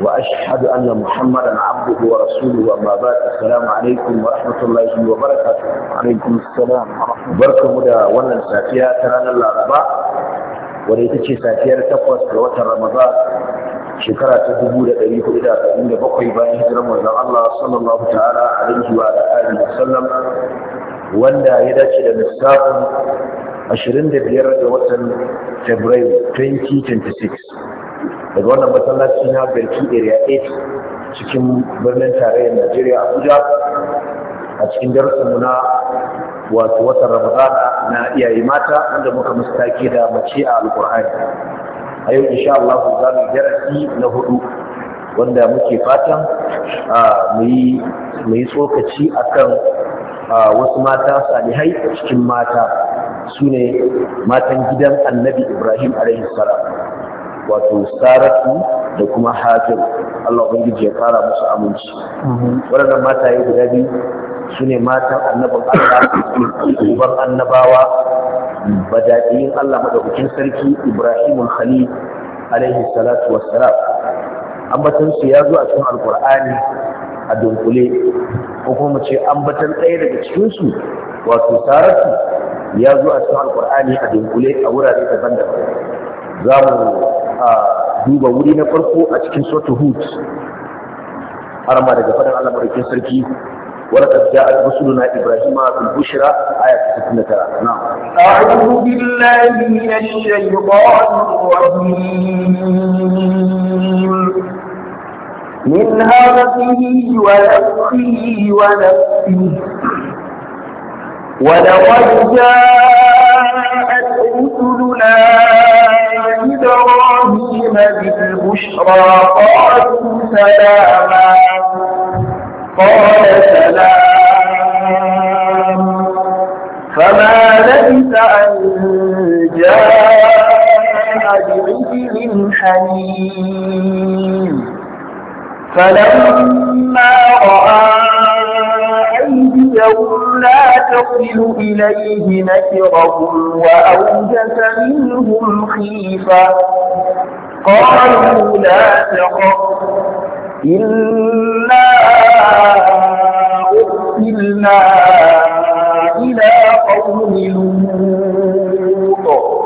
واشهد ان محمدا عبده ورسوله وما بعد السلام عليكم ورحمه الله وبركاته وعليكم السلام بركم ده wannan safiya ta ranar laraba wanda ita ce safiyar takwas ga watan ramadan shekara ta dubu da ɗari hudu da ɗarin da bakwai bayan hijirar manzon Allah sallallahu ta'ala alaihi wa alihi wa sallam wanda ya dace da lissafin 25 ga watan Fabrairu 2026 daga wannan masallaci na Berki Area 8 cikin birnin tarayyar Najeriya Abuja a cikin darsinmu na wato watan Ramadana, na iyaye mata wanda muka mustaki da mace a Alƙur'ani a yau insha Allah za mu darasi na hudu wanda muke fatan mu yi tsokaci akan wasu mata salihai cikin mata su ne matan gidan annabi ibrahim alaihissalam wato saratu da kuma hajjar allah ubangiji ya fara musu aminci waɗannan yi guda biyu su ne matan annabin allah annabawa badaɗiyin allah maɗaukakin sarki ibrahimul khalil alaihi salatu wassalam su ya zo a cikin alkur'ani a dunkule ko kuma ce ambatan ɗaya daga cikinsu wato saratu ya zo a cikin alkur'ani a dunkule a wurare daban-daban za mu duba wuri na farko a cikin sotu hud Arma daga faɗan allah marikin sarki ولقد جاءت رسلنا ابراهيم بالبشرى آية 69 نعم أعوذ بالله من الشيطان الرجيم من همزه ونفخه ونفسه ولقد جاءت رسلنا إبراهيم بالبشرى قالوا سلاما قال سلام فما لبث أن جاء بعجل حنين فلما رأى يوم لا تصل إليه نكرهم وأوجس منهم خيفة قالوا لا تخف إنا أرسلنا إلى قوم لوط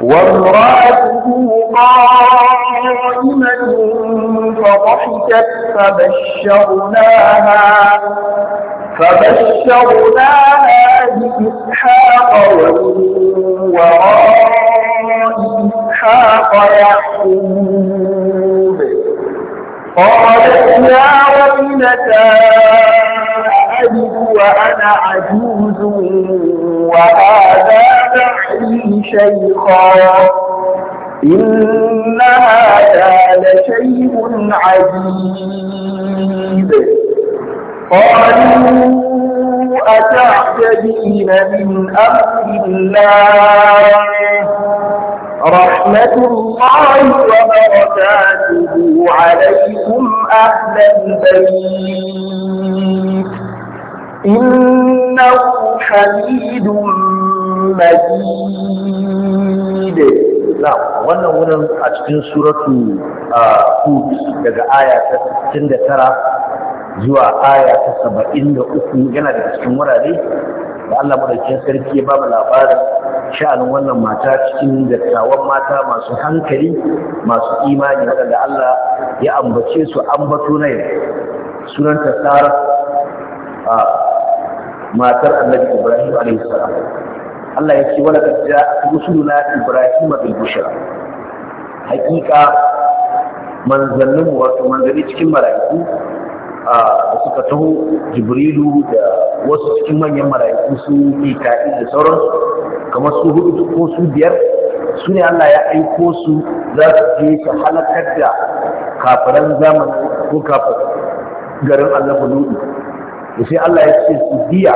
وامرأته قائمة فضحكت فبشرناها فبشرناها بإسحاق ومن وراء إسحاق يعقوب قالت يا ويلتى أجد وأنا عجوز وهذا بعدي شيخا إن هذا لشيء عجيب قالوا أتعجبين من أمر الله رحمة الله وبركاته عليكم أهل البيت إنه حميد مجيد نعم wannan wurin a cikin suratu Hud daga aya ta 69 zuwa aya ta 73 yana da cikin wurare da Allah cikin sarki ya ba mu labarin sha'anin wannan mata cikin dattawan mata masu hankali masu imani da Allah ya ambace su ambato na sunanta tsara a matar Annabi Ibrahim alaihi salam Allah ya ce wala kad ja'a rusuluna Ibrahim bil bushra hakika manzannin wato manzanni cikin mala'iku da suka taho Jibrilu da wasu cikin manyan mala'iku su Mika'il da sauransu kamar su hudu ko su biyar su ne Allah ya aiko su za su je su halakar da kafiran zamani ko kafir garin Allah Lutu sai Allah ya ce su biya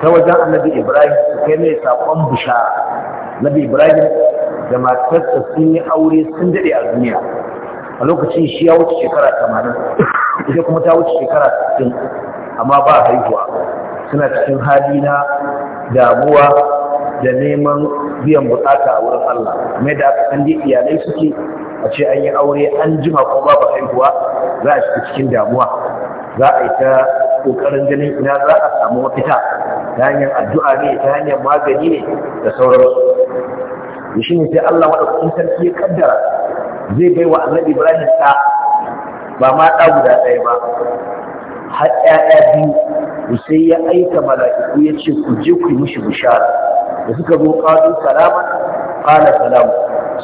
ta wajen annabi ibrahim su kai mai saƙon busha nabi ibrahim da matarsa sun yi aure sun daɗe a duniya a lokacin shi ya wuce shekara tamanin ita kuma ta wuce shekara sittin amma ba haihuwa suna cikin hali na damuwa da neman biyan bukata a wurin Allah mai da aka san iyalai suke a ce an yi aure an jima ko babu haihuwa za a shiga cikin damuwa za a yi ta ƙoƙarin ganin ina za a samu mafita ta hanyar addu'a ne ta hanyar magani ne da sauransu da shi ne sai Allah maɗaukakin sarki ya kaddara zai bai wa annabi Ibrahim ɗa ba ma ɗa guda ɗaya ba har ‘ya'ya biyu sai ya aika mala'iku ya ce ku je ku yi mishi bishara da suka zo ƙalu salama ƙala salamu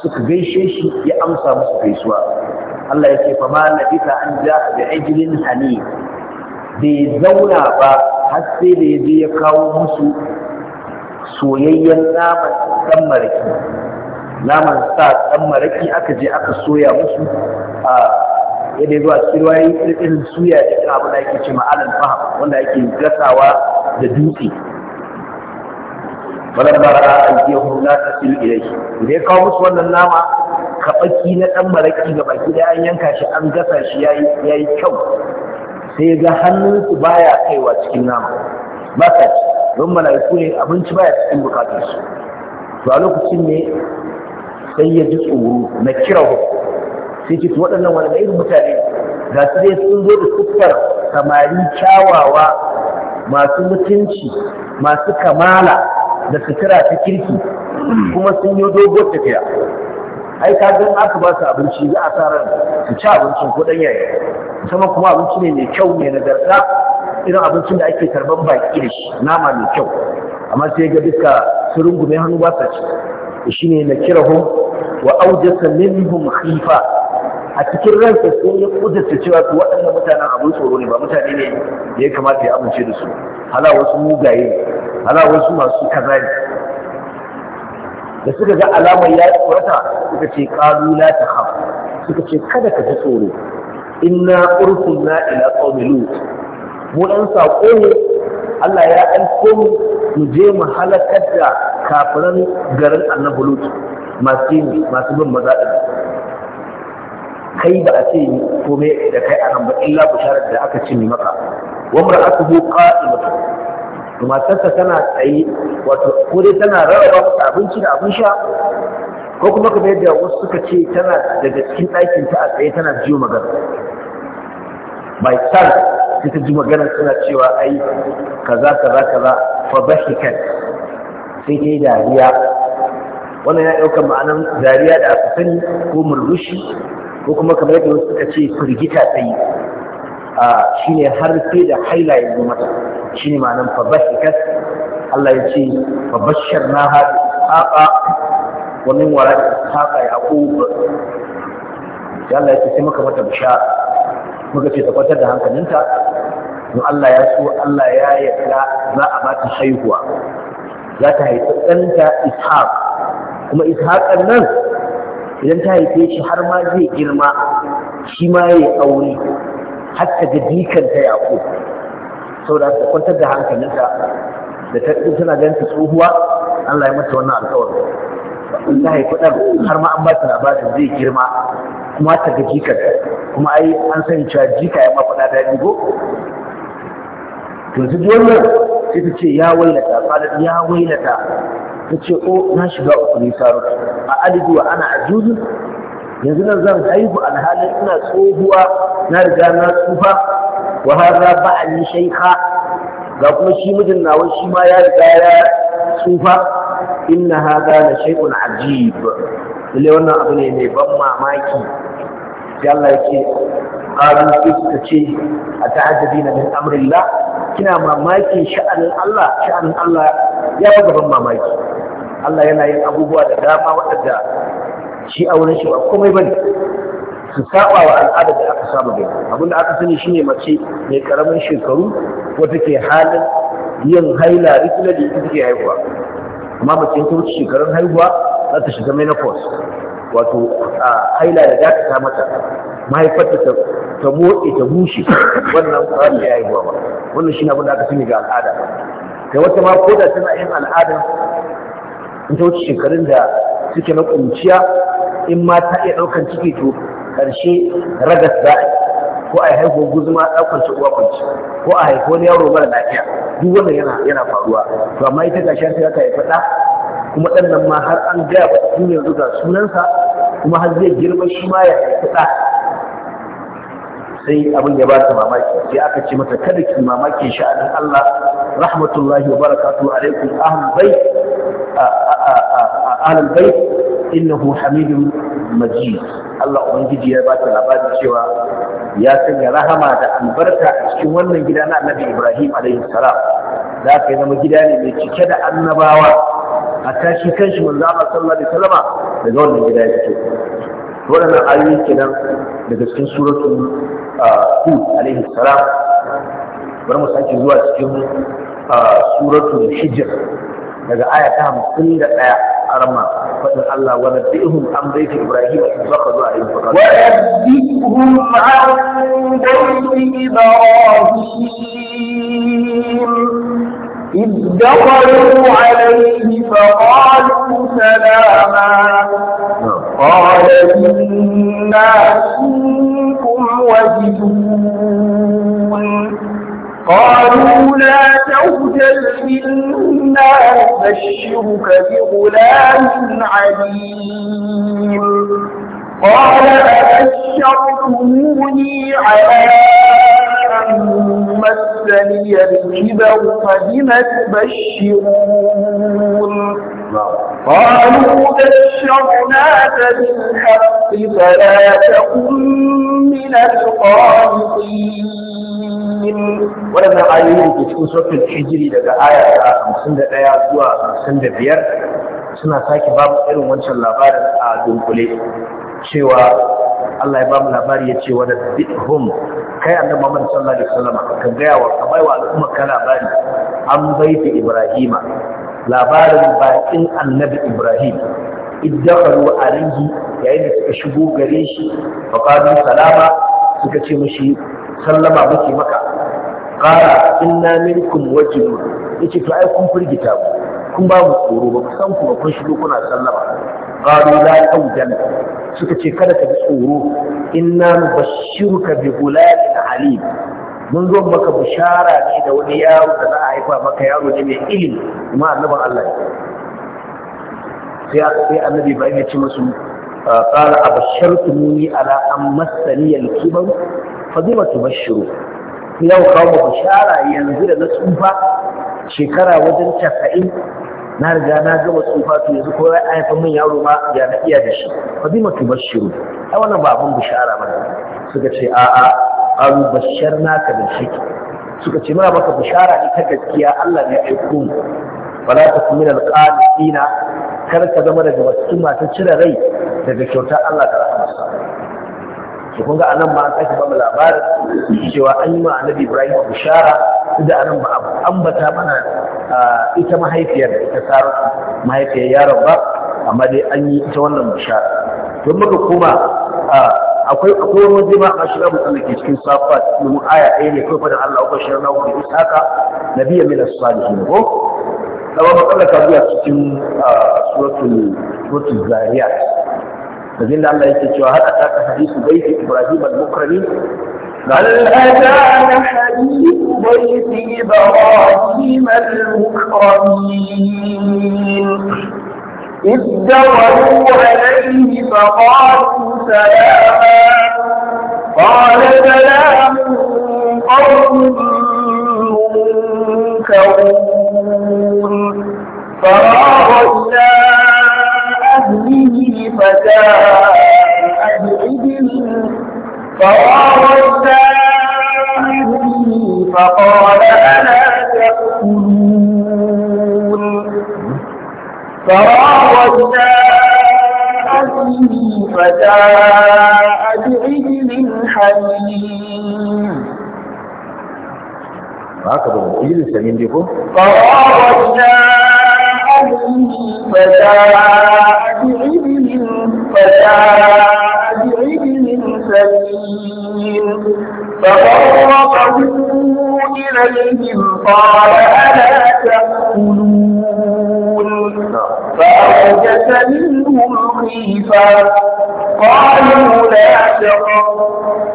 suka gaishe shi ya amsa musu gaisuwa Allah ya ce fa ma labisa an ja bi ajlin hani bai zauna ba har sai da ya ya kawo musu soyayyen naman dan maraki naman sa dan maraki aka je aka soya musu a yadda zuwa cikin wayoyi irin suya da abin da yake ce ma'alan faham wanda yake gasawa da dutse falamma ra'a aljihum la tasil ilayhi da ya kawo musu wannan nama kabaki na dan maraki ga baki da an yanka shi an gasa shi yayi yayi kyau sai ga hannun hannunsu baya kaiwa cikin nama ba don mala'iku ne abinci baya cikin su. to a lokacin ne sai ya ji tsoro na kira sai ki waɗannan wani irin mutane ga su dai sun zo da siffar samari kyawawa masu mutunci masu kamala da sutura ta kirki kuma sun yi dogon tafiya ai ka ga aka ba su abinci za a sa ran su ci abincin ko dan yaya kuma abinci ne mai kyau ne nagarta irin abincin da ake karban baki da shi nama mai kyau amma sai ga duka su rungume hannu ba sa ci ne na kirahum wa aujasa minhum khifa a cikin ransa sun yi kudurta cewa su waɗannan mutanen abin tsoro ne ba mutane ne da ya kamata ya amince da su hala wasu mugaye ala wasu masu kaza ne da suka ga alamar ya tsorata suka ce ƙalu la ta suka ce kada ka ji tsoro inna urkunna ila qaumi lut mu dan sako ne Allah ya aiko mu mu je mu halakar da kafiran garin annabi lut masu masu bin maza kai ba a ce komai da kai a nan ba illa bisharar da aka ce maka wa aka qa'imatu Matar matarsa tana tsaye wato ko dai tana rarraba masa abinci da abin sha ko kuma kuma yadda wasu suka ce tana daga cikin ɗakin ta a tsaye tana jiyo magana Bai son sai ta ji magana suna cewa ai kaza kaza kaza fa bashikan sai dai dariya wannan ya ɗaukar ma'anar dariya da aka sani ko murmushi ko kuma kamar yadda wasu suka ce firgita tsaye a ah, shine har sai da haila ya zo mata shine ma'anar fabashikat Allah ya ce na haqa wa wani wara haqa yaqub sai Allah ya ce sai muka mata bishara muka ce ta da hankalinta don Allah ya so Allah ya yarda za a bata haihuwa za ta haifi ɗanta ishaq kuma ishaqan nan idan ta haife shi har ma zai girma shi ma ya yi aure har ta ga dikanta yaƙo saboda ka kwantar da hankalinta da ta suna ganin ta tsohuwa Allah ya mata wannan alƙawari in ta haifi ɗan har ma an ba ta labarin zai girma kuma ta ga jikar kuma ai an sani cewa jika ya ma faɗa daɗi ko to duk wannan sai ta ce ya wailata qalat ya wailata ta ce o oh, na shiga uku ne saro a alidu wa ana ajuzu yanzu nan zan haihu alhalin ina tsohuwa na riga na tsufa wa hadha Ali shaykha ga kuma shi mijin nawa shi ma ya riga ya tsufa inna haza la shay'un ajib lalle wannan abu ne mai ban mamaki sai Allah yake qalu suka ce a min amrillah kina mamaki sha'anin Allah sha'anin Allah ya fi ban mamaki Allah yana yin abubuwa da dama waɗanda shi a wurin shi ba komai bane su saba wa al'adar da aka saba gani abin da aka sani shine mace mai karamin shekaru ko take halin yin haila da ita take haihuwa amma mace ta wuce shekarun haihuwa za ta shiga menopause wato haila da dakata mata mahaifarta ta motsi ta bushe wannan ba ta haihuwa ba wannan shine abin da aka sani ga al'ada da wata ma ko da tana yin al'ada ta wuce shekarun da suke na kunciya in ma ta iya ɗaukan ciki to Karshe ragas za a ko a haihuwar guzuma a kwanci uwa kwanci ko a haihuwar yaro mara lafiya duk wannan yana yana faruwa to amma ita gashi sai aka haifa kuma ɗan nan ma har an gaya ba yanzu ga sunansa kuma har zai girma shi ma ya haifi faɗa. sai abin ya ba ta mamaki sai aka ce mata kada ki mamakin sha'anin Allah rahmatullahi wa barakatuhu alaikum ahlul bait ahlul bait innahu hamidun majid Allah ubangiji ya ba ta labari cewa ya sanya rahama da albarka a cikin wannan gida na annabi Ibrahim alayhi salam da aka zama gida ne mai cike da annabawa a tashi kanshi manzo Allah sallallahu alaihi wasallama daga wannan gida yake waɗannan ayoyi kenan daga cikin suratu ah, Hud alayhi salam bar mu sake zuwa cikin ah, suratu Hijr daga aya ta 51 arma fadin Allah wa nabbihum an baiti Ibrahim in baka zuwa in baka wa nabbihum an baiti Ibrahim إذ دخلوا عليه فقالوا سلاما قال إنا منكم وجدون قالوا لا توجل إنا نبشرك بغلام عليم قال أبشرتموني على أن مسني الكبر فبم تبشرون قالوا بشرناك بالحق فلا تكن من القانطين hamsin waɗannan ayoyin da ke cikin suratul hijiri daga aya ta hamsin da ɗaya zuwa hamsin da biyar suna sake bamu irin wancan labarin a dunkule cewa Allah ya bamu labari ya ce wa da bithum kai annabi Muhammad sallallahu alaihi wasallam ka gaya wa ka baiwa al'umma ka labari an baiti Ibrahima labarin bakin annabi Ibrahim iddakaru alayhi yayin da suka shigo gare shi fa qalu salama suka ce mishi sallama muke maka qala inna minkum wajibun yace to ai kun firgita ku kun ba mu tsoro ba san ku kun shigo kuna sallaba. qalu la tawjan suka ce kada ka fi tsoro inna nubashshiruka bi ghulamin alim mun zo maka bishara ne da wani yaro da za a haifa maka yaro ne mai ilimi kuma annaban Allah ne sai annabi Ibrahim ya ce musu ah, qala abashshartumuni ala an massani al-kibar fa bima shiru. yau kawo bishara yanzu da na tsufa shekara wajen casa'in na riga na gama tsufa to yanzu ko ai haifar min yaro ma ya na iya da shi fa bi matu bashiru ai wannan ba abin bishara ba suka ce a a an basharna ka da shi suka ce muna maka bishara ita gaskiya Allah ne ya aiko mu wala takum da alqanitina kar ka zama daga wasu masu cire rai daga kyautar Allah da rahama to kun ga anan ma an sake ba mu labarin cewa an yi ma annabi ibrahim bishara da anan ba ambata mana ita mahaifiyar da ita sarar mahaifiyar yaron ba amma dai an yi ita wannan bishara don muka koma akwai akwai waje ba a shiga mutum da ke cikin safa cikin aya ɗaya ne kawai fadin Allah ko shirin nawa da isaka nabiyyan min as-salihin ko kama ka biya cikin suratul suratul zariyat abinda Allah yake هل أتاك حديث بيت إبراهيم المكرمين هل أتاك حديث بيت إبراهيم المكرمين إذ دوروا عليه فقالوا سلاما قال سلام قوم منكرون فراغ إلى أهله به فتاة فقال ألا تأكلون فراودته أبيه فجاء بعجل حميم هكذا عجل سمين ديكو فراودنا بهم فجاء بعلم سليم فقربه إليهم قال ألا تأكلون فأوجس منهم خيفا قالوا لا تخف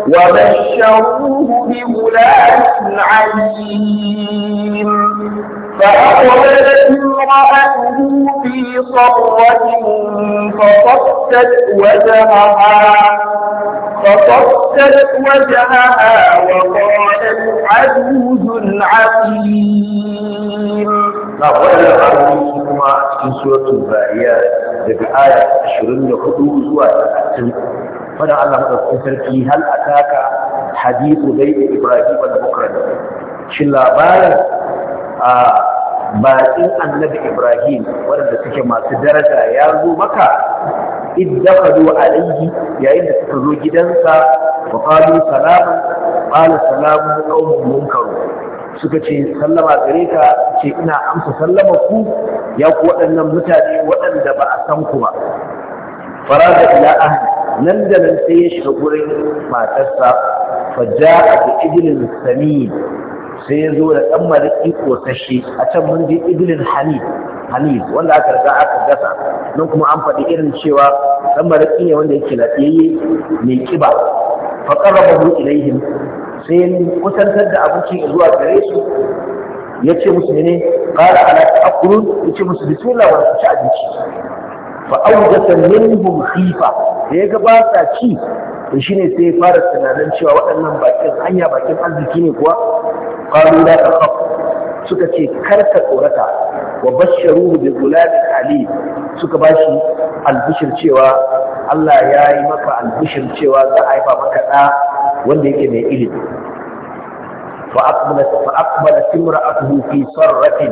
وبشروه بغلام عليم فأقبلت امرأته في صرة فصدت وجهها فصدت وجهها وقالت عجوز عقيم نعم وإلى العروس كما في سورة الباريات في آية 24 زواج فدع الله مدرسة سركي هل أتاك حديث بيت إبراهيم المكرم شلا بارك آه baƙin annabi ibrahim waɗanda suke masu daraja ya zo maka iddafadu alaihi yayin da suka zo gidansa wa qalu salamu qala salamu qaumun munkaru suka ce sallama gare ka ce ina amsa sallama ku ya ku waɗannan mutane waɗanda ba a san ku ba faraga ila ahli nan da nan sai ya shiga gurin matarsa fa ja'a bi ijlin samin sai ya zo da ɗan maliki kosashe a can mun je ibilin hamid hamid wanda aka riga aka gasa nan kuma an faɗi irin cewa ɗan maliki ne wanda yake lafiyayye mai kiba fa qarrabahu ilaihim sai kusantar da abincin zuwa gare su ya ce musu ne qala ala aqulun ya ce musu bismillah wa ci abinci fa awjasa minhum khifa da ya ga ba sa ci to shine sai fara tunanin cewa waɗannan bakin hanya bakin arziki ne kuwa qalu la takhaf suka ce kar ka tsorata wa basharuhu bi gulamin alim suka bashi albishir cewa Allah ya yi maka albishir cewa za a haifa maka da wanda yake mai ilimi fa aqbalat fa aqbalat imra'atuhu fi sarratin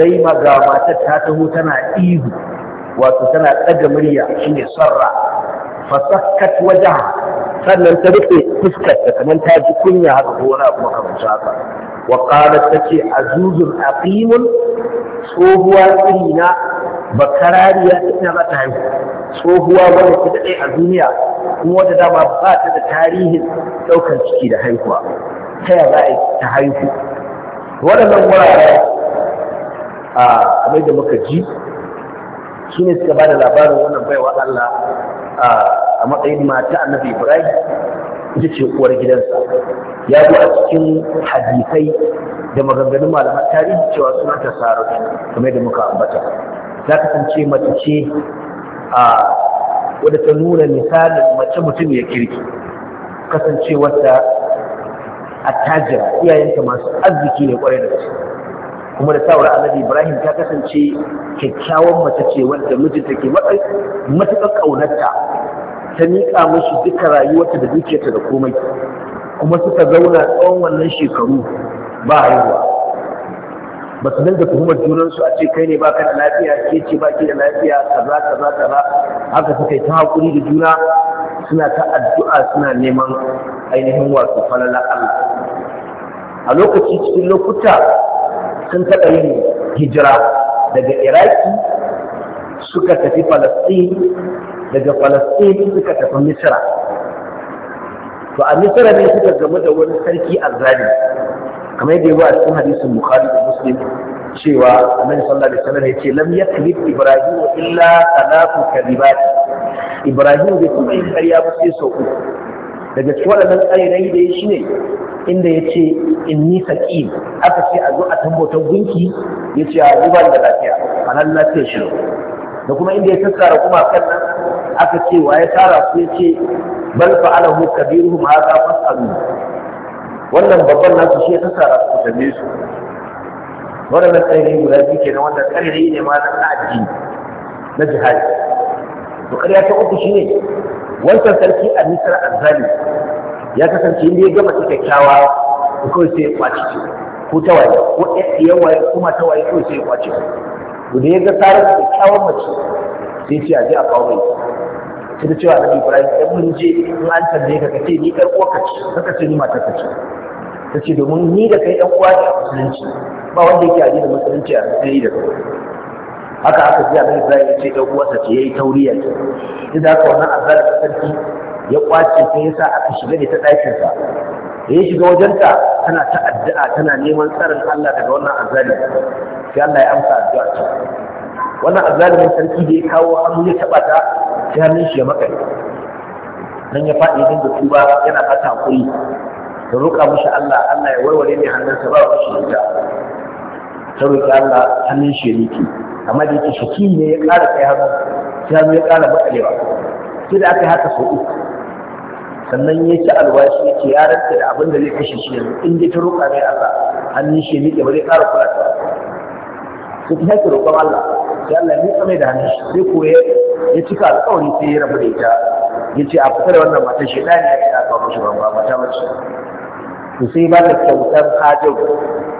sai maga matar ta taho tana ihu wato tana ɗaga murya shine sarra fasakkat wajaha sannan ta rufe fuskarta kamar ta ji kunya haka ko wani abu makamancin haka wa qalat tace azuzun aqimun tsohuwa irina bakarariya ina mata haihu tsohuwa wanda ta daɗe a duniya kuma wata dama ba ta da tarihin ɗaukar ciki da haihuwa ta ya za a ta haihu waɗannan wurare a kamar da muka ji su ne suka da labarin wannan baiwa Allah a matsayin mata annabi Ibrahim ita ce uwar gidansa ya zo a cikin hadisai da maganganun malaman tarihi cewa suna ta saratu kamar da muka ambata za ka kasance mace ce a wadda ta nuna misalin mace mutum ya kirki kasancewarta attajira iyayenta masu arziki ne kwarai da gaske kuma da tawar annabi ibrahim ta kasance kyakkyawan mace ce wadda mijinta ke matuƙar ƙaunarta ta miƙa mashi duka rayuwarta da dukiyarta da komai kuma suka zauna tsawon wannan shekaru ba haihuwa ba su dinga tuhumar junansu a ce kai ne ba ka da lafiya ke ce ba ke da lafiya kaza kaza kaza haka suka yi ta haƙuri da juna suna ta addu'a suna neman ainihin wato falala Allah a lokaci cikin lokuta sun taɓa yin hijira daga iraki suka tafi falastin daga falastin suka tafi misira to a misira ne suka gamu da wani sarki azzali kamar yadda yawa a cikin hadisun bukhari da muslim cewa annabi sallallahu alaihi wasallam ce, lam yaklib ibrahim illa salatu kalimat ibrahim bai kuma yin ƙarya ba sai sau uku daga cikin waɗannan tsarirai da ya shi ne inda ya ce in ni saƙi aka ce a zo a tambotar gunki ya ce a zuba da lafiya a nan lafiyar shi da kuma inda ya sassara kuma kan nan aka ce wa ya tara su ya ce bal fa'alahu kabiruhum hadha fas'alu wannan babban nasu shi ya sassara su tambaye su waɗannan tsarirai guda biyu kenan wannan tsarirai ne ma na addini na jihadi to ƙarya ta uku ne. wancan sarki a nisar azzali ya kasance inda ya gama kyawa da kawai sai ya kwace ce ko ta waye ko ya waye kuma ta waye kawai sai ya kwace to da ya ga tsarin kyawun mace sai ce a je a kawo mai sai da cewa annabi ibrahim dan mun je in an tambaye ka kace ni ɗan uwarka ce kaka ce ni matar ka ce ta ce domin ni da kai ɗan uwa ne a musulunci ba wanda yake da musulunci a musulunci da kai haka aka ji annabi Ibrahim ya ce ɗan uwarsa ce yayi tauriya ce duk da haka wannan da sarki ya kwace sai yasa aka shiga ne ta ɗakin sa ya shiga wajenta tana ta addu'a tana neman tsarin Allah daga wannan azzalin sai Allah ya amsa addu'a ta wannan azzalimin sarki da ya kawo hannu ya taɓa ta sai hannun shi ya makare dan ya faɗi din da tuba yana fata hakuri ka roƙa mishi Allah Allah ya warware ne hannunsa ba shi ita ta roƙi Allah hannun shi amma da yake shaki ne ya ƙara kai hannu sai hannu ya ƙara matsalewa sai da aka yi haka sau uku sannan ya ci alwashi ya ce ya rantsa da abin da zai kashe shi yanzu in dai ta roƙa mai Allah hannun shi ba zai ƙara kula ta sai ta haka roƙon Allah sai Allah ya miƙa mai da hannun shi sai ko ya cika alƙawari sai ya rabu da ita ya ce a fitar wannan matan shaidani ya ce a kawo mashi ban ba mata mace to sai ba da kyautar hajjau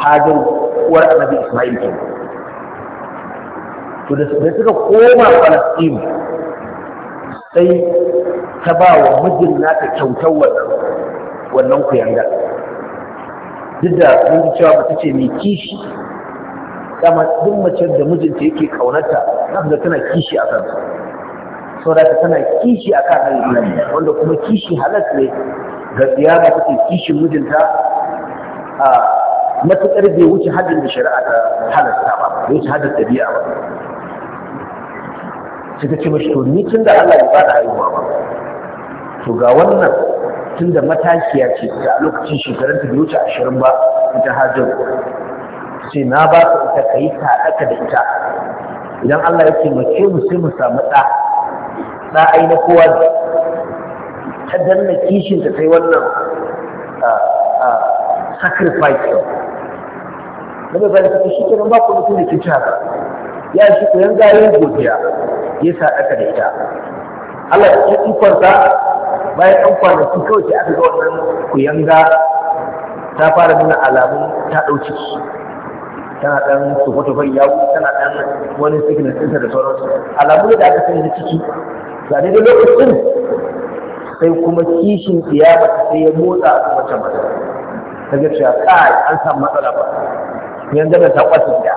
hajar uwar annabi isma'il ke to da suka koma falastin sai ta ba wa mijin nata kyautar wannan kuyanga duk da mun cewa ba ta ce mai kishi dama duk mace da mijinta yake kaunarta da tana kishi a kansa saboda ta tana kishi a kan nan wanda kuma kishi halas ne ga ziyara take kishin mijinta a matuƙar bai wuce haɗin da shari'a ta halatta ba bai wuce haɗin ɗabi'a ba sai ta ce mashi to ni tun da Allah ya bada haihuwa ba to ga wannan tun da matashiya ce ta a lokacin shekarun ta bai wuce ashirin ba ita hajjar ce na ba ka ita ka yi taɗaka da ita idan Allah ya taimake mu sai mu samu ɗa ɗa ai na kowa ne ta danna kishin ta kai wannan ah, ah, sacrifice na mai bayan suka shi kenan ba ku mutum da kinci haka ya shi ku yan gayen godiya ya sa aka da ita Allah ya ci kwarta bayan an kwanaki kawai sai aka ga wannan kuyanga ta fara nuna alamun ta ɗauki tana ɗan tsofa-tsofa ya tana ɗan wani signal ɗinta da sauransu alamun da aka sani da ciki ga dai lokacin sai kuma kishin tsiyama sai ya motsa a wata mata ta ga cewa kai an samu matsala ba yanzu da ta kwatin da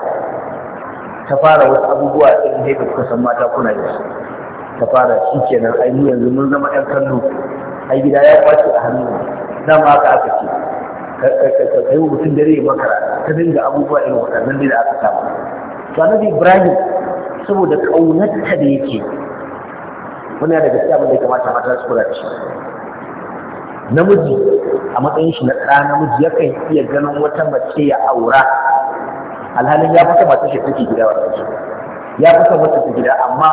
ta fara wasu abubuwa irin ne da kuka san mata kuna da su ta fara shi kenan ai mu yanzu mun zama ɗan kallo ai gida ya kwace a hannu nan ma aka aka ce ka kai wa mutum dare makara ta dinga abubuwa irin waɗannan da aka samu to annabi ibrahim saboda ƙaunarta da yake muna daga cikin abin da ya kamata mata su kula da shi namiji a matsayin shi na ɗa namiji yakan iya ganin wata mace ya aura alhalin ya fasa masu shi take gida wannan shi ya fasa masu ta gida amma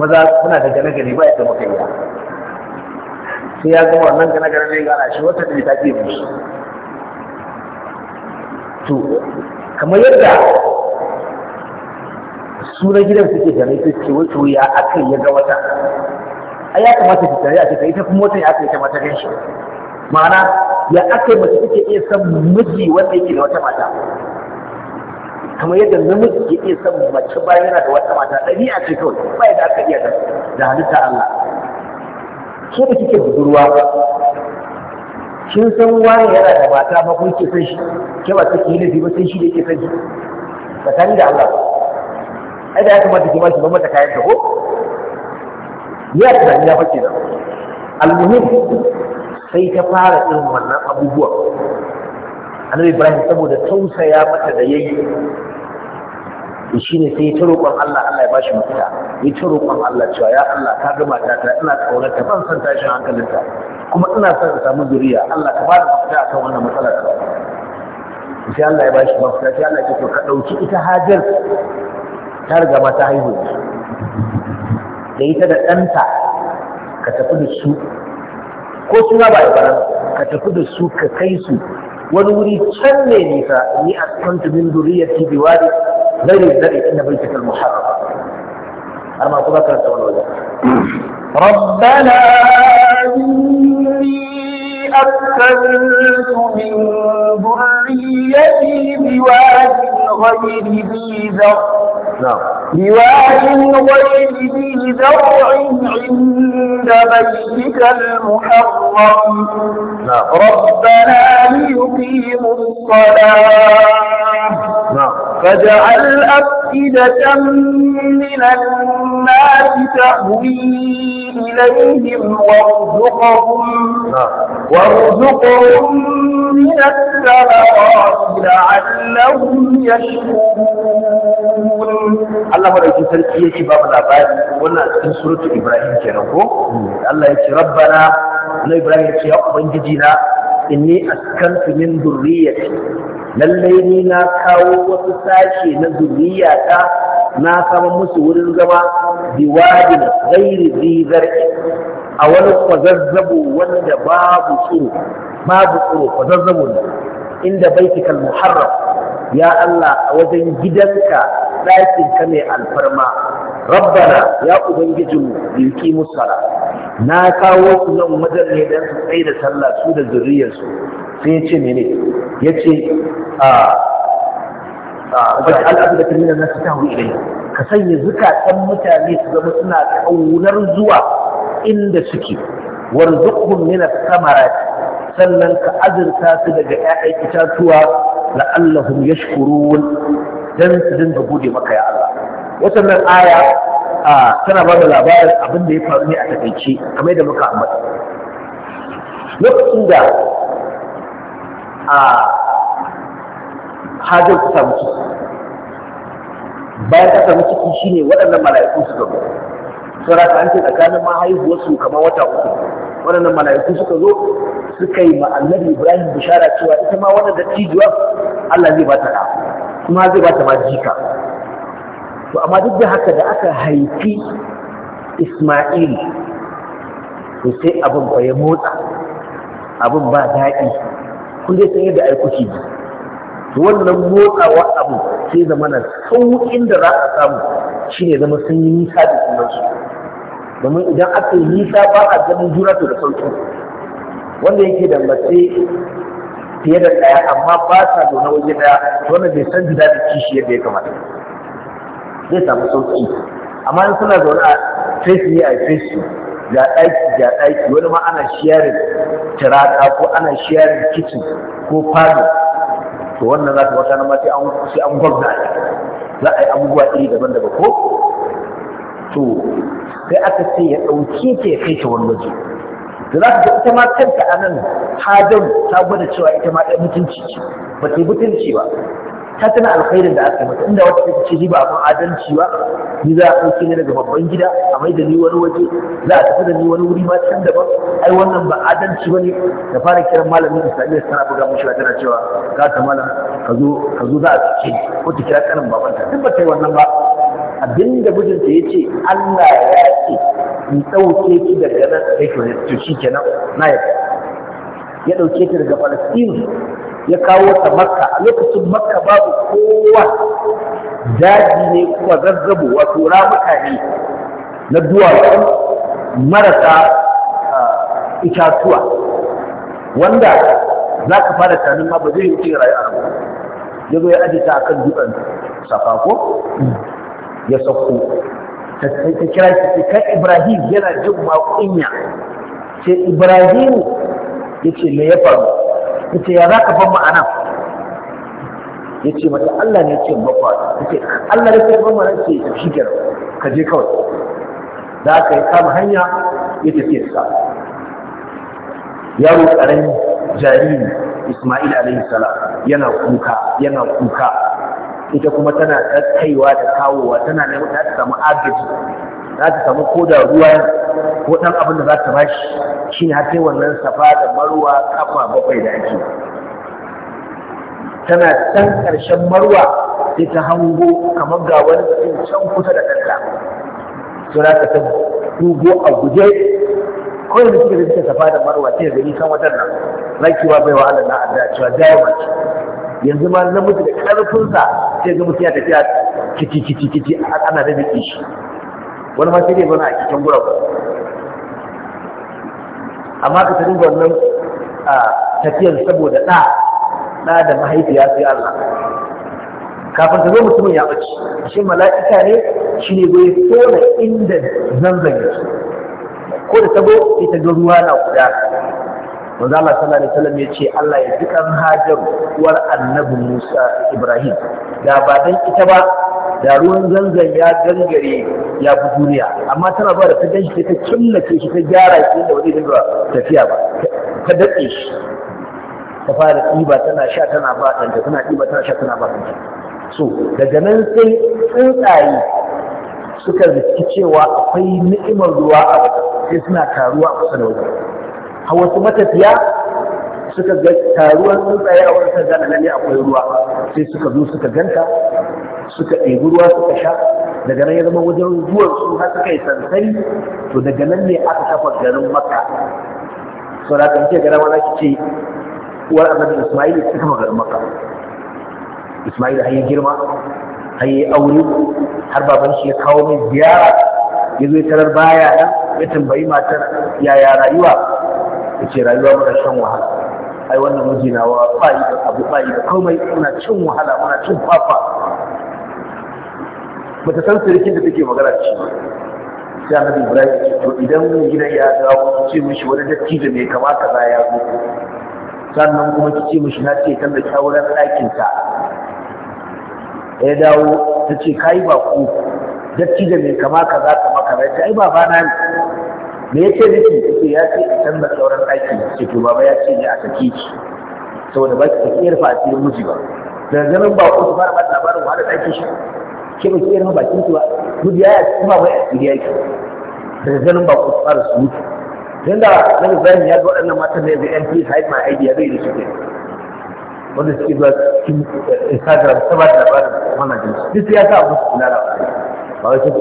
maza suna da gane gane ba ya zama kai ya sai ya zama wannan gane gane ne gana shi wata da ta ke shi to kamar yadda sunan gidan suke gane su ce wato ya aka ya ga wata a ya kamata ta tare a cikin ita kuma wata ya aka ita mata gan shi ma'ana ya aka yi mace take iya san miji wanda yake da wata mata kamar yadda namiji ke iya son mace bayan yana da wata mata a ce kawai bai yadda aka iya da halitta Allah ke da kike budurwa kin san wani yana da mata ba kun ke san shi ke ba take yi laifi ba sai shi da ke san shi tsakani da Allah ai da ya kamata ki ba shi ba mata kayan ta ko ya tunani ya fake da almuhim sai ta fara irin wannan abubuwa annabi ibrahim saboda tausaya mata da yayi to shine sai ta roƙon Allah Allah ya bashi mafita Yi ta roƙon Allah cewa ya Allah ka ga ta, ina kaunar ta ban san tashin hankalinta kuma ina son in samu zuriya Allah ka ba da mafita akan wannan matsalar ta sai Allah ya bashi mafita sai Allah ya ce to ka dauki ita Hajar ta riga ma ta haihu da ita da ɗanta ka tafi da su ko suna ba ya ka tafi da su ka kai su ونوري تشني نساء مئة كنت من ذريتي بوالد غير الذري إن بيتك المحرم أنا ما أقول ربنا إني أكفلت من ذريتي بواد غير ذي ذر نعم. بواد غير ذي ذرع عند بيتك المحرم نعم. ربنا ليقيموا الصلاة نعم. فاجعل أفئدة من الناس تهوي إليهم وارزقهم وارزقهم من الثمرات لعلهم يشكرون الله هو ولكن سلكي يجي باب العباد وانا في سورة إبراهيم كنوكو الله يجي ربنا الله إبراهيم يجي أقبل جدينا إني أسكنت من ذريتي lallai ni na kawo wasu sashe na na kama musu wurin zama biwadin ghairi zizar a wani kwazazzabo wanda babu tsoro babu tsoro kwazazzabo ne inda baitikal muharram ya Allah a wajen gidanka ɗakin ka mai alfarma rabbana ya ubangijinmu yuki musala na kawo su nan wajen ne dan su tsaye da sallah su da zuriyarsu sai ya ce mene ya ce a ah, wajen al'adar min an-nas idan ilayhi ka sanya zukatan mutane su zama suna ƙaunar zuwa inda suke warzuqhum min ath-thamarat sannan ka azurta su daga ƴaƴan itatuwa la'allahum yashkurun dan su dinga gode maka ya Allah wannan aya tana ba da labarin abin da ya faru ne a takaice kamar da muka ambata lokacin da a hajjar ku samu ciki bayan ka samu ciki shi ne waɗannan mala'iku su gaba saboda ka an tsakanin ma haihuwar su kamar wata uku waɗannan mala'iku suka zo suka yi ma annabi Ibrahim bishara cewa ita ma wannan dattijuwa Allah zai ba ta da kuma zai ba ta ma jika to amma duk da haka da aka haifi Isma'il to sai abin ba ya motsa abin ba daɗi kun dai san yadda ai kuke ji wannan motsawa abu ke zama na sauƙin da za a samu shi ne zama sun yi nisa da sunansu domin idan aka yi nisa ba a ganin juna to da sauƙi wanda yake da mace fiye da ɗaya amma ba sa zaune waje ɗaya wanda bai san gida da kishi yadda ya kamata zai samu sauƙi amma in suna zaune a face ne a face ga ɗaki ga ɗaki wani ma ana sharing tiraka ko ana sharing kicin ko falo to wannan za ta wata nan an sai an gwamna a cikin, za a yi abubuwa iri daban daga ko to sai aka ce ya ɗauki ke ya kai ta wani waje da za ta ga ita ma kanta a nan hadan ta gwada cewa ita ma ɗan mutunci ce ba ta yi mutunci ba ta tana alkhairin da aka mata inda wata take ce shi ba abin adalci ba ni za a ɗauke ni daga babban gida a mai da ni wani waje za a tafi da ni wani wuri ma can ba ai wannan ba adalci ba da fara kiran malamin islamiyya tana buga mushi tana cewa ga ta malam ka zo ka zo za a cike ko ta kira kanin babanta duk ba ta yi wannan ba abinda mijinta ya ce Allah ya ce in dauke ki daga nan sai to shi kenan na ya ɗauke ta daga Palestine ya kawo ta makka a lokacin makka babu kowa daji ne kuma zazzabo wato ramuka ne na duwatsu marasa itatuwa wanda za ka fara tanin ma ba zai yi rayu a ya zo ya aje ta akan dutsen safa ko ya sauko ta kira shi kan ibrahim yana jin makunya sai ibrahim ya ce me ya faru ta ce ya za ka ban ma'ana ya ce mata Allah ne ce ba kwa ce Allah ne ce ban ma'ana ce shi ke ka je kawai za ka yi kama hanya ya tafi sa yaro ƙarami jariri Ismail alaihi salam yana kuka yana kuka ita kuma tana kaiwa da kawowa tana da ta samu agaji za ta samu ko da ruwa ko ɗan abin da za ta bashi shi ne sai wannan safa da maruwa kafa bakwai da ake tana ɗan ƙarshen maruwa sai ta hango kamar ga wani mutum can kusa da ɗanka to za ta dugo a guje kawai da suke zai safa da maruwa sai gani kan wajen nan rakiwa bai wa Allah na a cewa dawo yanzu ma namiji da ƙarfinsa sai ga mutum ya tafiya kici kici kici ana da biki shi wani ma sai dai a cikin guragu amma ka ta wannan a tafiyar saboda ɗa ɗa da mahaifiya sai Allah kafin ta zo mutumin ya ɓace shi mala'ika ne shi ne bai tona inda zanzan yake ko da tabo sai ta ga ruwa na guda manzo Allah sallallahu alaihi wasallam ya ce Allah ya ji kan Hajar uwar Annabi Musa Ibrahim da ba dan ita ba da ruwan zanzan ya gangare ya fi duniya amma tana ba da ta ganshi ta killace shi ta gyara shi da wani dinga tafiya ba ta daɗe shi ta fara ɗiba tana sha tana ba ɗanta tana ɗiba tana sha tana ba ɗanta so daga nan sai tsuntsaye suka zaki cewa akwai ni'imar ruwa a sai suna taruwa a kusa da wani. har wasu matafiya suka ga taruwar tsuntsaye a wurin sanda da nane akwai ruwa sai suka zo suka ganta suka ɗebi ruwa suka sha daga nan ya zama wajen zuwan su har suka yi sansani to daga nan ne aka kafa garin makka so da kan ce gara zaki ce uwar annabi isma'il ta kafa garin makka isma'il har girma har aure har baban shi ya kawo mai ziyara ya zo tarar baya nan ya tambayi matar yaya rayuwa ya rayuwa mara shan wahala ai wannan wa bayi da abu bayi da komai muna cin wahala muna cin fafa bata san sirikin da take magana ci sai annabi ibrahim ce to idan mun gidan ya dawo ki ce mishi wani dattijo mai kama kaza ya zo sannan kuma ki ce mishi na ce kan da kyawuran ɗakin ta ya dawo ta ce kai ba ku dattijo mai kama kaza kama kaza ta ai baba na ne me yake nufi yake ya ce a canza sauran aiki ce to baba ya ce ne a saki shi saboda ba ki saki yar fa a cikin miji ba da ganin ba ku fara ba labarin wahalar aiki shi ke ba kiyar ba ki ba miji ya ci ba ya a cikin da ganin ba ku fara su mutu dan da na zan ya ga waɗannan matan ne da MP hide my idea bai da shi ke wanda suke zuwa cikin eh, Instagram ta ba da labarin wannan jinsi duk ya sa musu kula da ba wai sai ku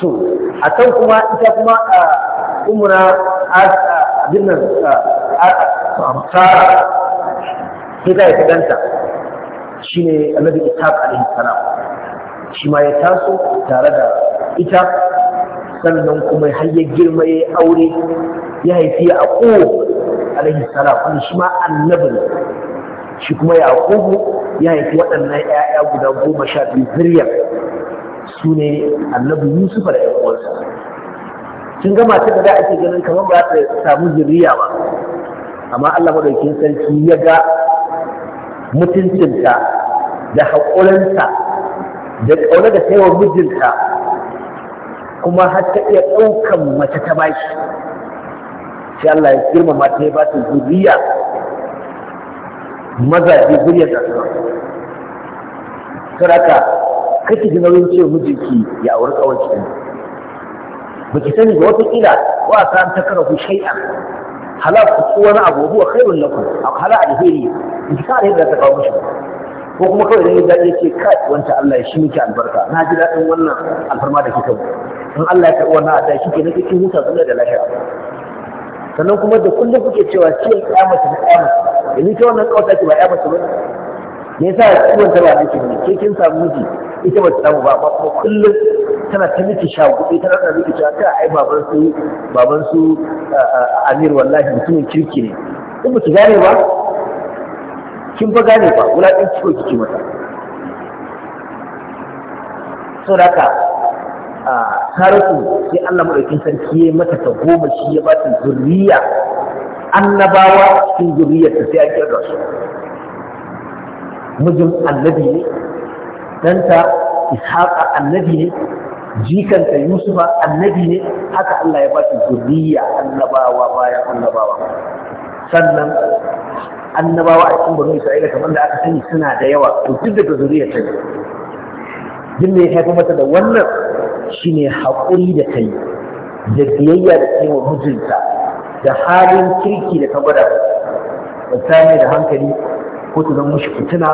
to a kan kuma ita kuma a umra abinnan a sai a yi ta ganta shi ne annabi ishaq alaihi salam shi ma ya taso tare da ita sannan kuma har ya girma ya aure ya haifi a ƙo alaihi salam wani shi ma annabi shi kuma ya ya haifi waɗannan 'ya'ya guda goma sha biyu zuriyar su ne annabi yusuf da ƴan uwansa sun ga mace da ake ganin kamar ba ta samu zuriya ba amma Allah madaukakin sarki ya ga mutuncinta da haƙurinta da ƙauna da taiwa mijinta kuma har ta iya ɗaukan mace ta bashi sai Allah ya girmama ta ya ba ta zuriya mazaje zuriyar da su saraka kake ji nauyin ce mijinki ya auri kawai ki ba ki sani ga wata kila wa san ta karahu shay'an halal ku ci wani abu huwa khairun lakum a halal alheri ki sa da ta kawo mishi ko kuma kawai dai yadda ya ce kai wanda Allah ya shi miki albarka na ji dadin wannan alfarma da kika in Allah ya karɓi wannan adda shi ke nake kin huta zuwa da lafiya sannan kuma da kullum kuke cewa ciwon kiyamata na kiyamata yanzu ta wannan kawata ce ba kiyamata ba ne yasa ciwon ta ba nake ne ke kin samu miji ita ba ta samu ba amma kuma kullum tana ta miki shaguɗi tana da miki cewa kai ai baban su baban su Amir wallahi mutumin kirki ne in ba ta gane ba kin ba gane ba din ciwo kike mata ka a saratu sai Allah madaukin sarki ya mata ta goma shi ya ba ta zuriya annabawa cikin zuriyarta sai a kira su mijin annabi ne danta ishaqa annabi ne jikanta yusufa annabi ne haka Allah ya bata zuriya annabawa bayan annabawa sannan annabawa a cikin banu isra'ila kamar da aka sani suna da yawa to duk daga zuriya ta jin ne ya mata da wannan shine haƙuri da kai da biyayya da kai wa mijinta da halin kirki da ta gwada da hankali ko ta zama mushi fitina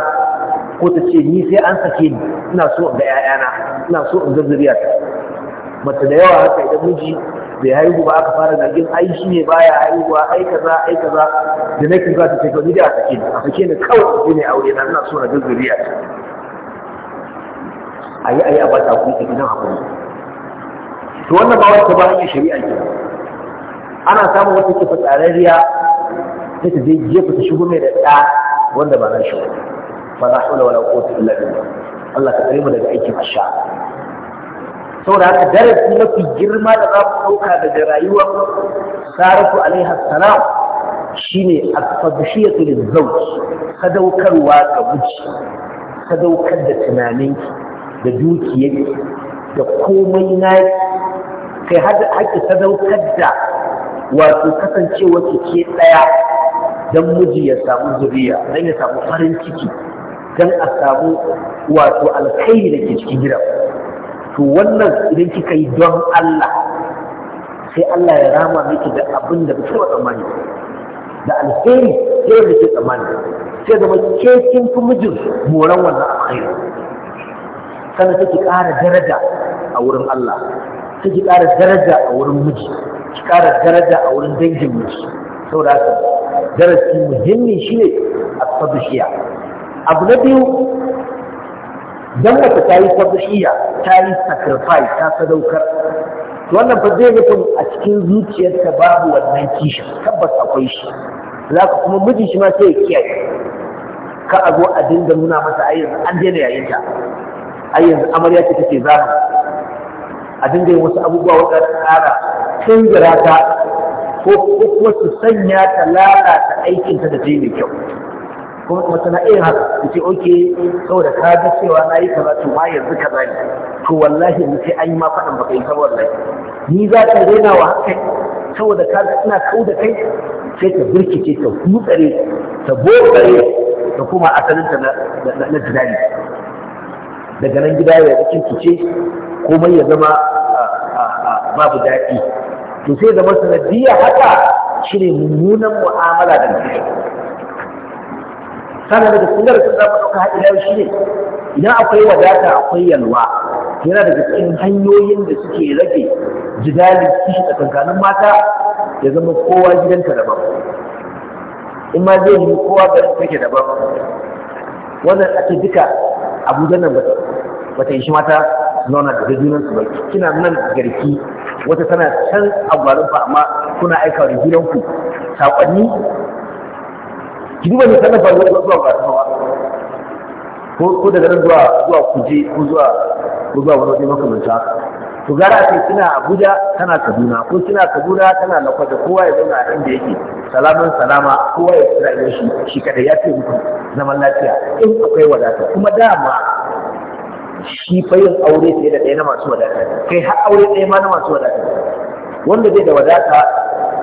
ko ta ce ni sai an sake ni ina so in ga 'ya'yana ina so in ga zuriyata mace da yawa haka idan miji bai haihu ba aka fara zargin ai shi ne baya haihuwa ai kaza ai kaza da nake za ta ce ni da a sake ni a sake ni kawai shi ne aure na ina so na ga zuriyata ayi ayi a ba ta ta gidan hakuri to wannan ba wata ba hanyar shari'a ke ana samun wata ke fatsararriya sai ta je gefe ta shigo mai da ɗa wanda ba na shi ba فلا حول ولا قوة إلا بالله Allah ka mu daga aikin asha saboda haka darasi mafi girma da za ku ɗauka daga rayuwar saratu alaiha salam shine at-tabshiyatu liz-zawj sadaukarwa ga miji sadaukar da tunaninki da dukiyarki da komai naki kai har da ake sadaukar da wato kasancewa ke ɗaya don miji ya samu zuriya don ya samu farin ciki don a samu wato alkhairi da ke cikin gidan to wannan idan kika yi don Allah sai Allah ya rama miki da abin da ba taɓa tsammani da alheri sai da ke tsammani sai zama ke kin fi mijin moran wannan alkhairi sannan take ƙara daraja a wurin Allah take ƙara daraja a wurin miji ki ƙara daraja a wurin dangin miji saboda haka darasi muhimmi shine a abu na biyu don wata ta yi tabbashiya ta yi sacrifice ta sadaukar wannan fa zai mutum a cikin zuciyarta babu wannan kishin tabbas akwai shi za ka kuma mijin shi ma sai ya kiyaye ka a zo a dinga nuna masa a yanzu an daina yayin ta a yanzu amarya ce take zama a dinga yin wasu abubuwa wanda ta tsara tunzura ta ko kuma su sanya ta lalata aikinta da ta yi mai kyau kuma kuma tana iya haka ta ce oke saboda ka ga cewa na yi kaza su ma yanzu ka zai to wallahi mu ce an yi ma faɗan baka yi saboda ni za ka daina wa haka saboda ka ga ina kau da kai sai ta birkice ta hutsare ta bokare da kuma asalinta na jidani daga nan gida ya ga ko komai ya zama babu daɗi to sai zama sanadiyya haka shine mummunan mu'amala da mutane kana daga cikin za da ɗauka har ila shi ne idan akwai wadata akwai yalwa yana daga cikin hanyoyin da suke rage jidali kishi tsakankanin mata ya zama kowa gidanta daban in ma zai yi kowa da take daban wannan ake duka abuja nan bata yi shi mata zauna da junan su ba kina nan garki wata tana can a amma kuna aika da gidanku saƙonni ki duba ne kana faruwa zuwa ba ta hawa ko daga nan zuwa zuwa kuje ko zuwa ko zuwa wani wajen makamanta to gara a suna abuja tana kaduna ko suna kaduna tana lakwata kowa ya zauna a inda yake salaman salama kowa ya kira idan shi shi kadai ya ce muku zaman lafiya in akwai wadata kuma dama shi fa yin aure sai da ɗaya na masu wadata kai har aure ɗaya ma na masu wadata wanda zai da wadata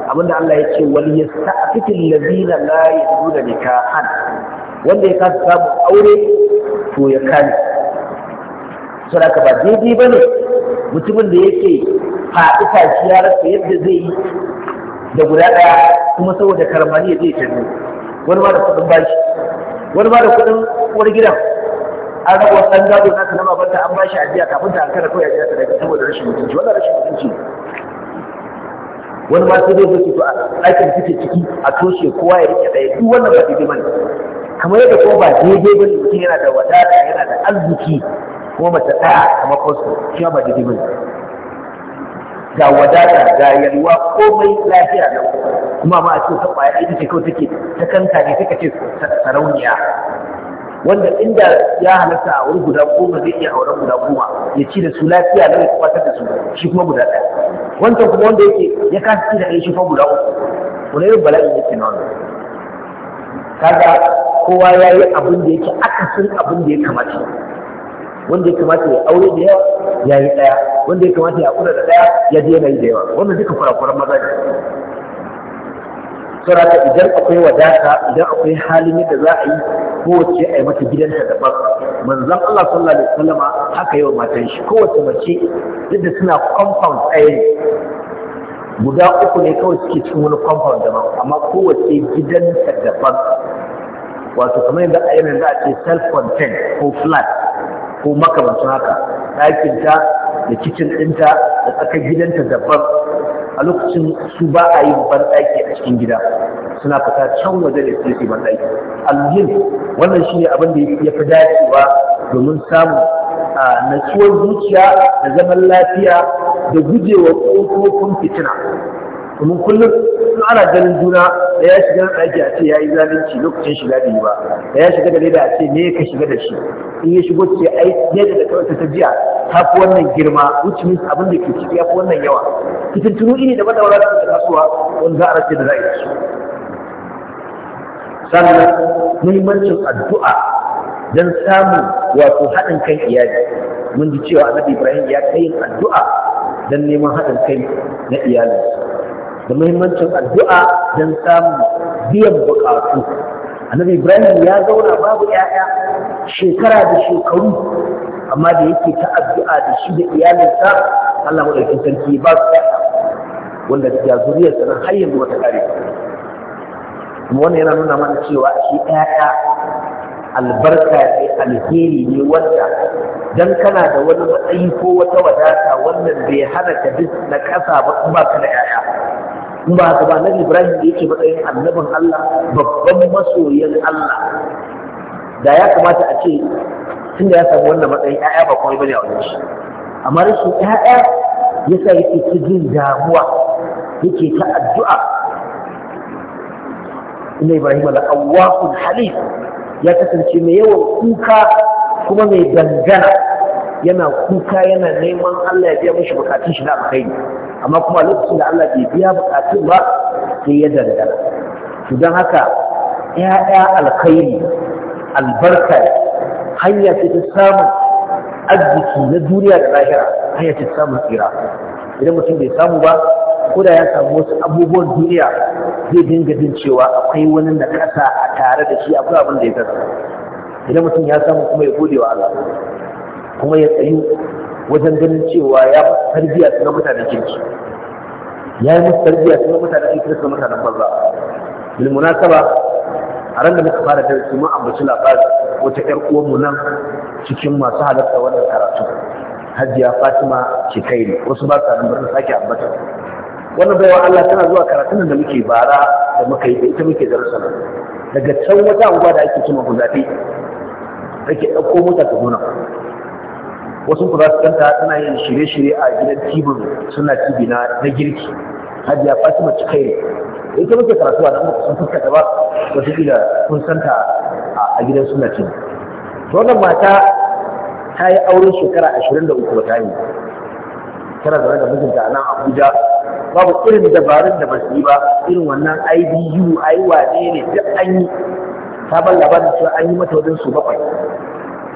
abinda Allah ya ce wani ya wal yasta'fitil ladina la yajiduna nikahan wanda ya kasa samun aure to ya kame ka ba daidai ne mutumin da yake faɗi shi ya rasa yadda zai yi da guda ɗaya kuma saboda karmani zai tafi wani ma da kudin bashi wani ma da kudin wani gidan an raba wasan gado na ta nama banta an bashi ajiya kafin ta hankara kawai ajiya ta daga saboda rashin mutunci wannan rashin mutunci wani ma sai zai ce to a ɗakin suke ciki a toshe kowa ya rike ɗaya duk wannan ba daidai bane kamar yadda kuma ba daidai bane mutum yana da wadata yana da arziki kuma mace ɗaya kamar kwasto shi ba daidai bane ga wadata ga yalwa komai lafiya da kuma ma a ce ta ƙwaya ita ce kawai take ta kanta ne take ce sarauniya wanda inda ya halatta a wuri guda goma zai iya auren guda goma ya ci da su lafiya da ya kwatar da su shi kuma guda ɗaya wancan kuma wanda yake ya kasa ci da ɗaya shi kuma guda uku wani yin bala'in yake na wannan kaga kowa ya yi abin da yake akasin abin da ya kamata wanda ya kamata ya aure da yawa ya yi ɗaya wanda ya kamata ya kula da ɗaya ya je yana yi da yawa wannan duka kurakuran maza ne saboda idan akwai wadata idan akwai halin yadda za a yi kowace a yi mata gidanta daban manzon Allah sallallahu alaihi wasallama haka yawa matan shi kowace mace yadda suna compound ɗaya ne guda uku ne kawai suke cikin wani compound daban amma kowace gidanta daban wato kamar yadda a yanayin za a ce self contained ko flat ko makamancin haka ɗakinta da kicin ɗinta da tsakar gidanta daban a lokacin su ba a yi banɗaki a cikin gida suna fita can waje da su banɗaki alhim wannan shi ne abin da ya fi dacewa domin samun natsuwar zuciya da zaman lafiya da gujewa ƙofofin fitina domin kullum in ana ganin juna da ya shiga na ɗaki a ce ya yi zalunci lokacin shiga da yi ba da ya shiga da leda a ce ne ka shiga da shi in ya shigo ce ai yadda da kawai ta jiya ta fi wannan girma wuce means abin da ke ciki ya fi wannan yawa kitin tunu iri da bada wadata da kasuwa wani za a race da za a yi su sannan muhimmancin addu'a don samun wato haɗin kan iyali mun ji cewa annabi ibrahim ya kai addu'a don neman haɗin kai na iyalinsa da muhimmancin addu'a don samun biyan bukatu annabi ibrahim ya zauna babu 'ya'ya shekara da shekaru amma da yake ta addu'a da shi da iyalinsa Allah madaukakin sarki ba su 'ya'ya wanda da zuriyarsa nan har yanzu wata kare kuma wannan yana nuna mana cewa shi 'ya'ya albarka ne alheri ne wanda dan kana da wani matsayi ko wata wadata wannan bai hana ka duk na ƙasa ba kuma kana 'ya'ya in ba haka ba ibrahim da yake matsayin annabin allah babban masoyin allah da ya kamata a ce tunda ya samu wannan matsayin 'ya'ya ba komai bane a wajen shi amma rashin ya sa yake ta jin damuwa yake ta addu'a inna ibrahim la awwahun halim ya kasance mai yawan kuka kuma mai dangana yana kuka yana neman Allah ya biya mashi bukatun shi na alkhairi amma kuma lokacin da Allah bai biya bukatun ba sai ya dangana to don haka ya'ya alkhairi albarka hanya ce ta samun arziki na duniya da lahira hanya ce ta samun tsira idan mutum bai samu ba ko da ya samu wasu abubuwan duniya zai dinga jin cewa akwai wani na kasa a tare da shi akwai abin da ya kasa idan mutum ya samu kuma ya gode wa Allah kuma ya tsayu wajen ganin cewa ya tarbiya su ga mutanen kirki ya yi musu tarbiya su ga mutanen kirki su ga mutanen banza bil munasaba a ran da muka fara darasi mun ambaci labari wata ƴar uwanmu nan cikin masu halarta wannan karatu hajiya fatima ke kai ne wasu ba sa nan barin sake ambata wannan baiwa Allah tana zuwa karatun da muke bara da muka yi da ita muke darussa nan daga can wata unguwa da ake cima zafi? ake ɗauko mota ta gona wasu ku za su kanta tana yin shirye-shirye a gidan tibin suna tibi na girki hajiya fatima cikai ne ita muke karatu a nan muka san fuskar ta ba wasu kila kun santa a gidan suna tibi wannan mata ta yi auren shekara ashirin da uku ba ta yi tana zaune da mijinta a nan abuja babu irin dabarun da ba su yi ba irin wannan idu ai wane ne duk an yi ta ban labarin cewa an yi mata wajen su bakwai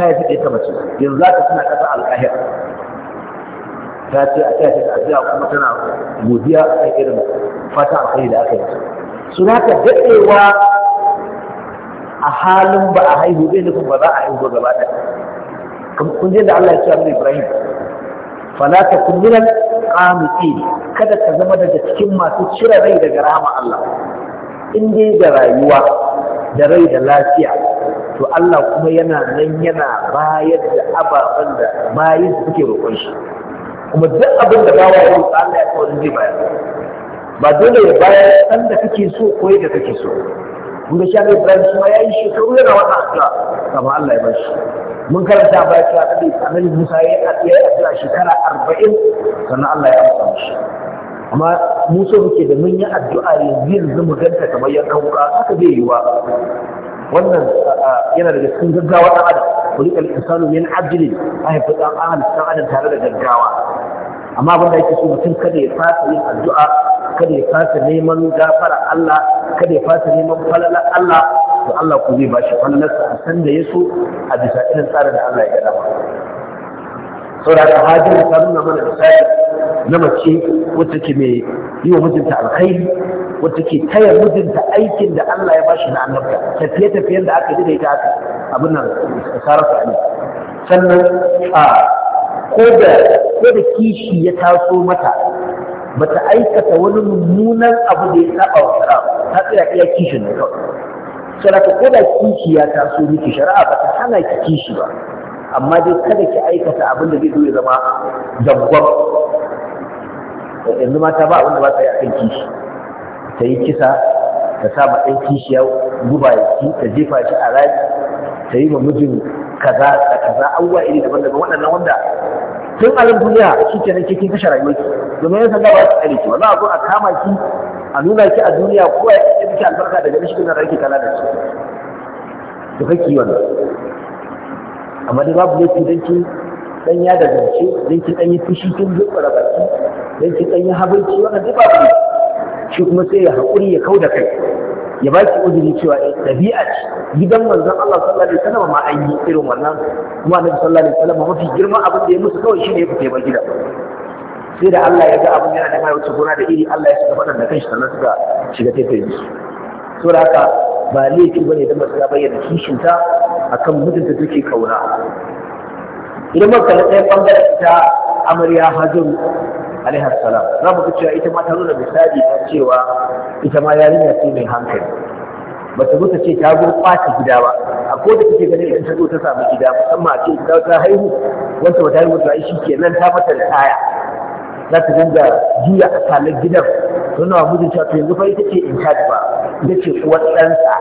ta haifi da ita mace yanzu za ta suna ƙasa alƙahir ta ce a tsaye da addu'a kuma tana godiya a kan irin fata alƙahir da aka yi su na ka daɗewa a halin ba a haihu bai nufin ba za a haihu gaba ɗaya kun je da Allah ya ce Abu Ibrahim fala ta kullunan qaniti kada ka zama daga cikin masu cire rai daga rahama Allah in dai da rayuwa da rai da lafiya to Allah kuma yana nan yana bayar da ababen da bayin suke roƙon shi kuma duk abin da bawa ya roƙa Allah ya kawai zai bayar ba dole ya bayar san da kake so ko yadda kake so kun ga shafi Ibrahim kuma ya yi shekaru yana wata addu'a kama Allah ya bashi mun karanta ba ta annabi annabi Musa ya yi addu'a shekara arba'in sannan Allah ya amsa mishi amma Musa muke da mun yi addu'a yanzu yanzu mu ganta kamar yankan wuka haka zai yi wa wannan yana daga cikin gaggawa ɗan adam kulikal insanu min ajli a haifi ɗan adam ɗan adam tare da gaggawa amma abin da yake so mutum kada ya fasa yin addu'a kada ya fasa neman gafara Allah kada ya fasa neman falalar Allah to Allah ku zai bashi falalarsa a san da ya so a bisa irin tsarin da Allah ya ga dama saboda ka hajjar ta nuna mana misali na mace wacce ke mai yi wa mijinta alkhairi wacce ke taya mijinta aikin da Allah ya bashi na annabta tafiye-tafiyen da aka daidaita aka abin nan sarrafa ne sannan a ko da ko da kishi ya taso mata bata aikata wani mummunan abu da ya saba wa shari'a ta tsaya iya kishin da kawai sai ko da kishi ya taso miki shari'a bata hana ki kishi ba amma dai kada ki aikata abin da zai zo ya zama dabbab yanzu mata ba abin da ba ta yi a kan kishi ta yi kisa ta sa ma ɗan ya guba ya ci ta jefa shi a rami ta yi ma mijin kaza da kaza abubuwa iri daban-daban waɗannan wanda tun a duniya shi ke nan kikin kashe rayuwarki domin yan sanda ba ki tsare ki ba a zo a kama ki a nuna ki a duniya kowa ya yi miki albarka daga mishi kuna da kake kala da shi to kake wannan amma dai babu laifi don ki dan ya da zance don ki dan yi fushi kin zuba baki don ki dan yi habaici wannan dai babu shi kuma sai ya haƙuri ya kauda kai ya baki uzuri cewa eh, ɗabi'a ce gidan manzon Allah sallallahu alaihi wasallam ma an yi irin wannan kuma annabi sallallahu alaihi wasallam mafi girma abin da ya musu kawai shine ya fita ba gida sai da Allah ya ga abin yana da mai wuce gona da iri Allah ya shiga fadan da kanshi sannan suka shiga taitayin su saboda haka ba laifi bane da masu bayyana kishinta akan mutunta take kauna idan muka kalli ɗaya bangaren ta amarya hajaru alaihi salam za mu ga cewa ita ma ta nuna misali ta cewa ita ma yarinya ce mai hankali ba ta ta ce ta gurɓata gida ba a ko da take ganin idan ta zo ta samu gida musamman a ce ta haihu wata ba ta haihu ta shi kenan ta mata da taya za ta dinga juya akalar gidan suna wa mijin cewa to yanzu fa ita ce in charge ba ita ce uwar ɗansa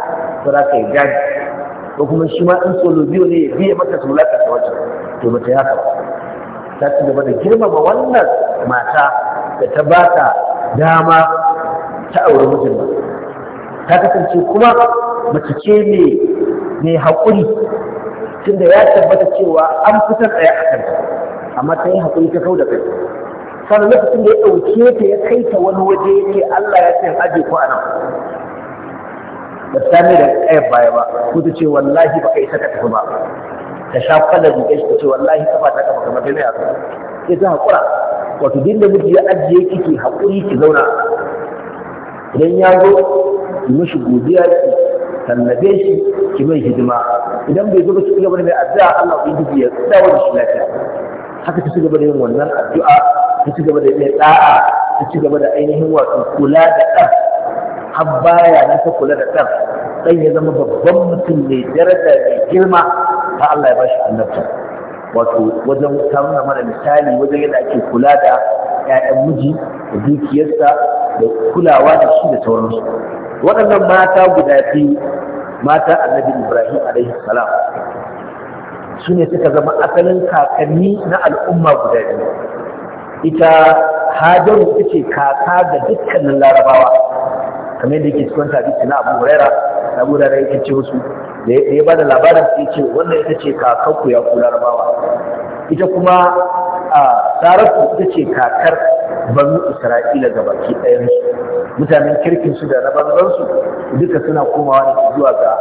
ta za ka yi gadi ko kuma shi ma in solo biyu ne ya biya mata su wulaƙanta wata to mata ya kawo ta ci gaba da girmama wannan mata da ta ba ta dama ta aure mijin ba ta kasance kuma mace ce mai haƙuri tunda ya tabbata cewa an fitar ɗaya a kanta amma ta yi haƙuri ta kau da kai sana lokacin da ya ɗauke ta ya kai ta wani waje ya ce Allah ya ce aje ku anan ba ta mai da kayan baya ba ko ta ce wallahi ba kai isa ka tafi ba ta sha kwallon da ta ce wallahi kafa ta kafa kamar ta yasa sai ta haƙura wato duk da miji ya ajiye ki ki haƙuri ki zauna idan ya zo ki mishi godiya ki tallabe shi ki mai hidima idan bai zo ba ki gaba da mai addu'a Allah ubangiji ya dawo da shi lafiya haka ta ci gaba da yin wannan addu'a ta ci gaba da ɗaya ɗa'a, ta ci gaba da ainihin wato kula da ɗan har baya na ta kula da ɗan ɗan ya zama babban mutum mai daraja mai girma ta Allah ya ba shi annabta wato wajen samun mana misali wajen yadda ake kula da 'ya'yan miji da dukiyarsa da kulawa da shi da sauransu waɗannan mata guda biyu mata annabi ibrahim alaihi salam su ne suka zama asalin kakanni na al'umma guda biyu ita hajjar su ce kaka da dukkanin larabawa kamar yadda yake cikin hadisi na abu huraira abu huraira yake ce wasu, da ya da labarin su ce wannan ita ce kakar ku ya ku larabawa ita kuma a saratu ita ce kakar banu isra'ila ga baki ɗayansu mutanen kirkin su da na banzansu duka suna komawa ne zuwa ga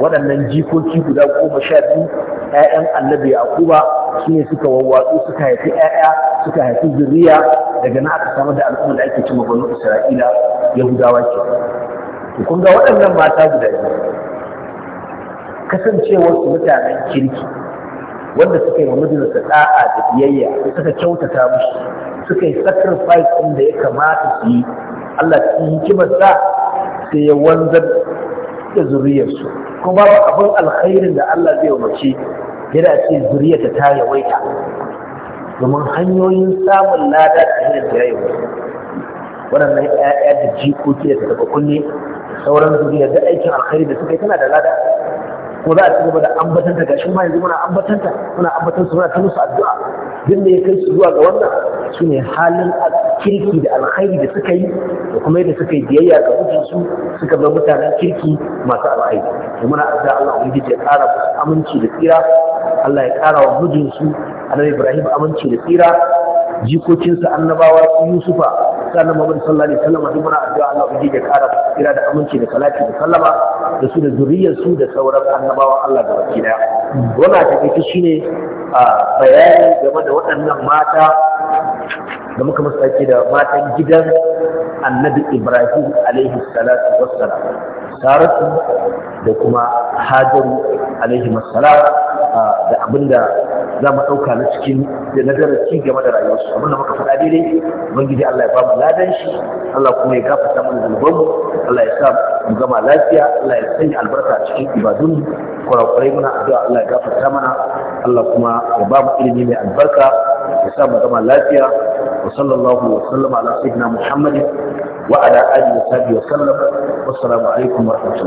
waɗannan jikoki guda goma sha biyu ‘ya'yan annabi yaquba su ne suka wawwatsu suka haifi ‘ya'ya suka haifi zuriya daga na aka samar da al'umma da ake cima banu isra'ila yahudawa ke to kun ga waɗannan mata guda biyu kasancewar su mutanen kirki wanda suka yi wa mijinsa da'a da biyayya suka kyautata mushi suka yi sacrifice ɗin da ya kamata su yi Allah cikin hikimarsa sai ya wanzar da zuriyarsu kuma ba abin alkhairin da Allah zai umarci yana ce da ta yawaita domin hanyoyin samun lada da hanyar da yayi waɗannan ƴaƴa da jikoki da taɓa kunne sauran zuriyar da aikin alkhairi da suka yi tana da lada Kuma za a ci gaba da ambatanta ga shi yanzu muna ambatanta muna ambatan su muna ta musu addu'a duk ya kai su zuwa ga wannan su ne halin kirki da alkhairi da suka yi da kuma yadda suka yi biyayya ga mijinsu suka bar mutanen kirki masu alkhairi to muna addu'a Allah ubangiji ya ƙara musu aminci da tsira Allah ya ƙara wa mijinsu Annabi Ibrahim aminci da tsira jikokinsa annabawa Yusufa sannan Muhammad sallallahu alaihi wasallam duk muna addu'a Allah ubangiji ya ƙara musu tsira da aminci da salati da sallama da su da zuriyarsu da sauran annabawa Allah da baki daya wannan take shine bayani game da waɗannan mata da muka masu ake da matan gidan annabi ibrahim alaihi salatu wassalam saratu da kuma hajaru alaihi Masala da abinda za mu ɗauka na cikin da na darasi game da rayuwarsu abinda muka faɗa daidai ubangiji Allah ya bamu ladan shi Allah kuma ya gafarta mana mu, Allah ya sa mu gama lafiya Allah ya sanya albarka a cikin ibadun kurakurai muna addu'a Allah ya gafarta mana Allah kuma ya bamu ilimi mai albarka ya sa mu gama lafiya وصلى الله وسلم على سيدنا محمد وعلى آله وصحبه وسلم والسلام عليكم ورحمة الله